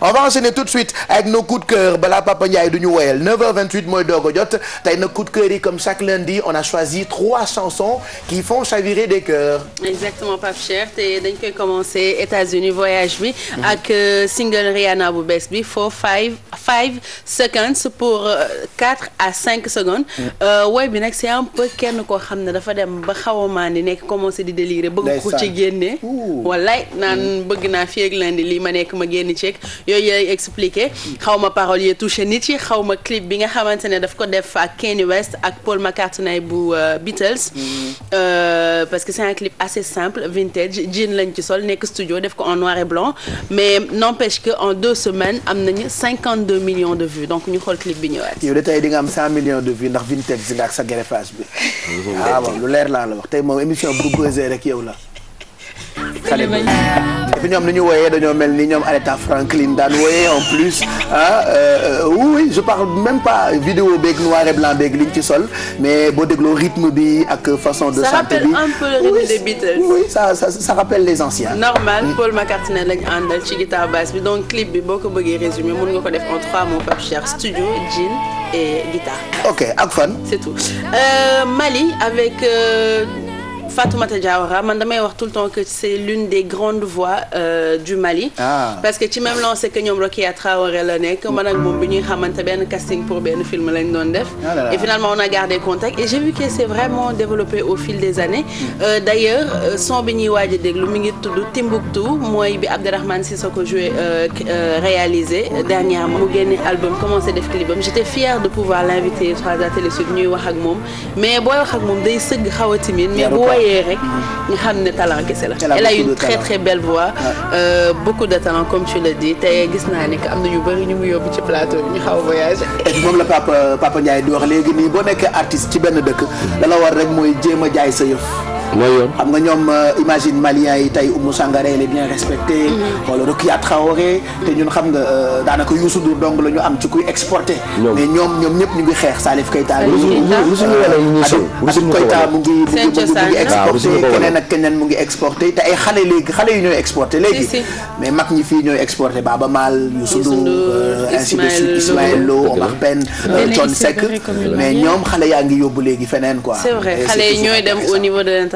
on va enchaîner tout de suite avec nos coups de cœur balaa Papa Ndiaye du ñu woyal 9h28 mooy doog a jot tey nag coups de cœur yi comme chaque lundi on a choisi trois chansons qui font chavirer des cœurs. exactement Pape Cheikh te dañ koy commencer États-Unis voyage bi. ak euh, single Rihanna bu bees bi 4 5 5 seconds pour 4 euh, à 5 secondes. Mm. Euh, woy bi nag c'est un peu kenn koo xam ne dafa dem ba xaw a maandi nekk commencer di délirer. bëgg ko ci génne. wallaay naan mm. bëgg naa fi ak lundi lii ma nekk ma génn ceeg. yooyu yooyu expliqué xaw ma parole yi touché nit yi xaw ma clip bi nga xamante ne daf ko def ak Kanye West ak Paul McCartney bu euh, Beatles. Mm. Euh, parce que c'est un clip assez simple vintage jean lañ ci sol nekk studio def ko en noir et blanc mais n'empêche que en deux semaines am nañu cinquante deux millions de vues donc ñu xool clip bi ñëwaat. yow de tey di nga am cent millions de vues ndax vintage nga ak sa greffage bi. ah lu leer laa la wax tey moom émission bu buzzé rek yow la. xale bi et puis ñoom ni ñu wooyee dañoo mel ni ñoom Aretha en plus ah euh, euh, je parle même pas vidéo beeg noir et blanc beeg liñ ci sol mais boo dégloo rythme bi ak façon de chanter bi ça rappelle un peu le des Beatles oui ça ça ça rappelle les anciens. normal Paul McCartney lañ àndal bi boo ko bëggee résumé mën nga ko def en trois mots Pape Cheikh studio jean et ak fan. Euh, Mali avec. Fatoumata Diawara man damay wax tout le temps que c'est l'une des grandes voix euh, du Mali. Ah. parce que ci même lancé que ñoom Rokia Traoré la nekk man ak moom bi ñuy casting pour benn film lañ doon def. Ah et finalement on a gardé contact et j'ai vu que vraiment développé au fil des années. Mm. Euh, d'ailleurs euh, son bi ñuy waaj a déglu mi ngi tudd Timbuktu mooy bi Abderrahmane Sissoko joué euh, euh, réalisé dernièrement mu génne album commencé def clipam j'étais fière de pouvoir l'inviter 3 à Télé Sud ñuy wax ak mais booy wax moom day sëgg xaw a timide mais voyez rek mm-hmm. ñu xam ne talent kese la. elle a une très très belle voix. Ah. Euh, beaucoup de talent comme tu le gis naa ne que am na ñu bëri ñu mu yóbbu ci plateau bi ñu xaw a voyagé. moom la Papa Papa Ndiaye di wax léegi nii boo nekkee artiste ci benn dëkk. la war rek mooy jéem a jaay sa yëf. mooy yoon xam nga ñoom euh, imagine maliens yi tey Oumou Sangaré les bien respectés wala mm-hmm. Rokia Traoré te ñun xam nga euh, daanaka Youssou Ndour dong la ñu am ci kuy exporté mais ñoom ñoom ñëpp ñu ngi xeex Salif Keita Salif Keita mu ngi mu ngi mu ah, keneen ak keneen mu ngi exporté te ay xale léegi xale yi ñooy exporté léegi mais mag ñi fii ñooy exporté Baba Maal Youssou Ndour euh, ainsi suite Ismaël Lo Omar Pène Thione Seck mais ñoom xale yaa ngi yóbbu léegi feneen quoi xale yi ñooy dem au niveau de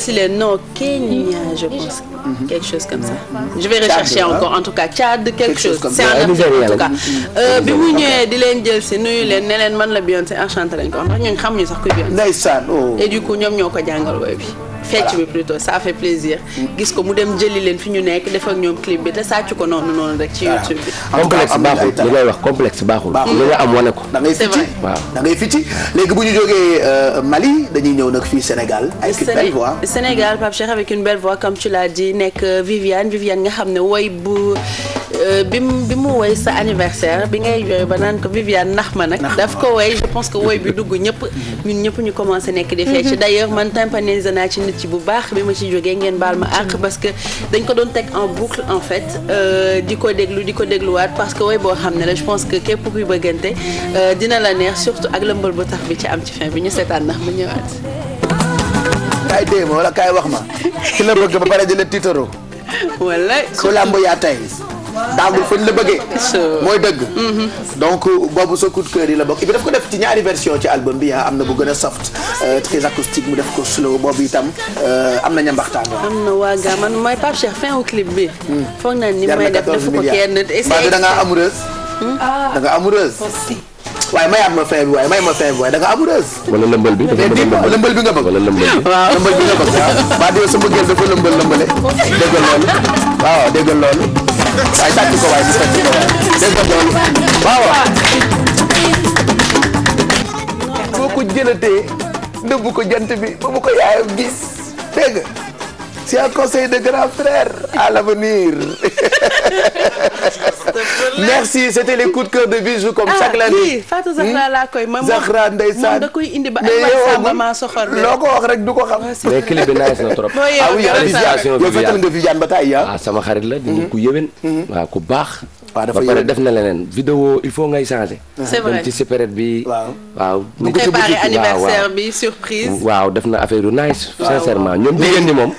aussi les noms Kenya, je pense. Mm -hmm. Quelque chose comme ça. Mhm. Je vais rechercher encore. En tout cas, Tchad, quelque, quelque chose. C'est en mhm. euh, bi mu ñëwee di leen jël si nuyu leen ne leen man la Beyoncé enchanté lañ ko wax xam ñooñu sax kuy Beyoncé. ndeysaan. Oh. ñoom ñoo ko jàngal woy bi. fecc bi plutôt ça fait plaisir. gis ko mu dem jëli leen fi ñu nekk def ñoom clip bi te sàcc ko noonu noonu rek. ci YouTube bi complexe baaxul li ngay wax complexe baaxul. li nga am wane ko. da da ngay ficci léegi bu ñu jógee euh, Mali dañuy ñëw nag fii Sénégal. Sénégal Pape Cheikh avec une belle voix tu l'as dit nekk euh, Viviane Viviane nga xam ne woy bu. Euh, bi mu bi mu woy sa anniversaire bi ngay jooy ba naan ko Viviane nax ma nag daf ko woy je pense que woy bi dugg ñëpp mhm. ñun ñëpp ñu commencé nekk di fecc mhm. d'ailleurs man tympanise naa ci nit ci bu baax bi ma ci jógee ngeen baal ma àq mhm. parce que dañ ko doon teg en boucle en fait euh, di ko déglu di ko dégluwaat parce que woy boo xam ne la je pense que képp kuy bëggante euh, dina la neex surtout ak lëmbal bu tax bi ci am ci fin bi ñu seetaan nax ma ñëwaat kaay wax ma ki la la tiitaroo daamul fañ la bëggee. mooy dëgg. Mm-hmm. donc euh, boobu sa coup de cœur yi la bokk et ko def ci ñaari version ci album bi ah, am na bu gën a soft euh, très acoustique mu def ko slow boobu itam euh, am na ñambaxtaan waaw. am na waa gaa man mooy Pape Cheikh fin au clip bi. Hmm. foog naa ni may def defu ko kenn. maa da ngaa amoureuse. Hmm? Ah. da nga amoureuse. waaye ma fin bi waaye may ma fin bi waaye da nga amoureuse. wala lëmbal bi dafa lëmbal lëmbal bi nga bëgg. wala lëmbal bi waaw lëmbal bi nga bëgg waaw. waa di sa mbëggeel dafa lëmbal lëmbale. déggal loolu waaw déggal loolu. ko boo ko jëlatee nëbbu ko jant bi ba bu ko yaayam gis dégg nga c'est conseil de grand frère. à merci c'était les coups de cœur comme ah, chaque lundi. ah oui Fatou koy. Zahra moom ba ay Samba maa loo ko wax rek du ko xam. mais clip bi nice na trop. ah oui Viviane Viviane ah? ah, sama xarit la di mhm. ku yéwén. Mhm. waaw ku baax. waaw def na leneen vidéo il faut ngay changer. c'est vrai ci période bi. waaw waaw. bu anniversaire bi surprise. waaw def na affaire yu nice sincèrement ñoom jigéen ñi moom.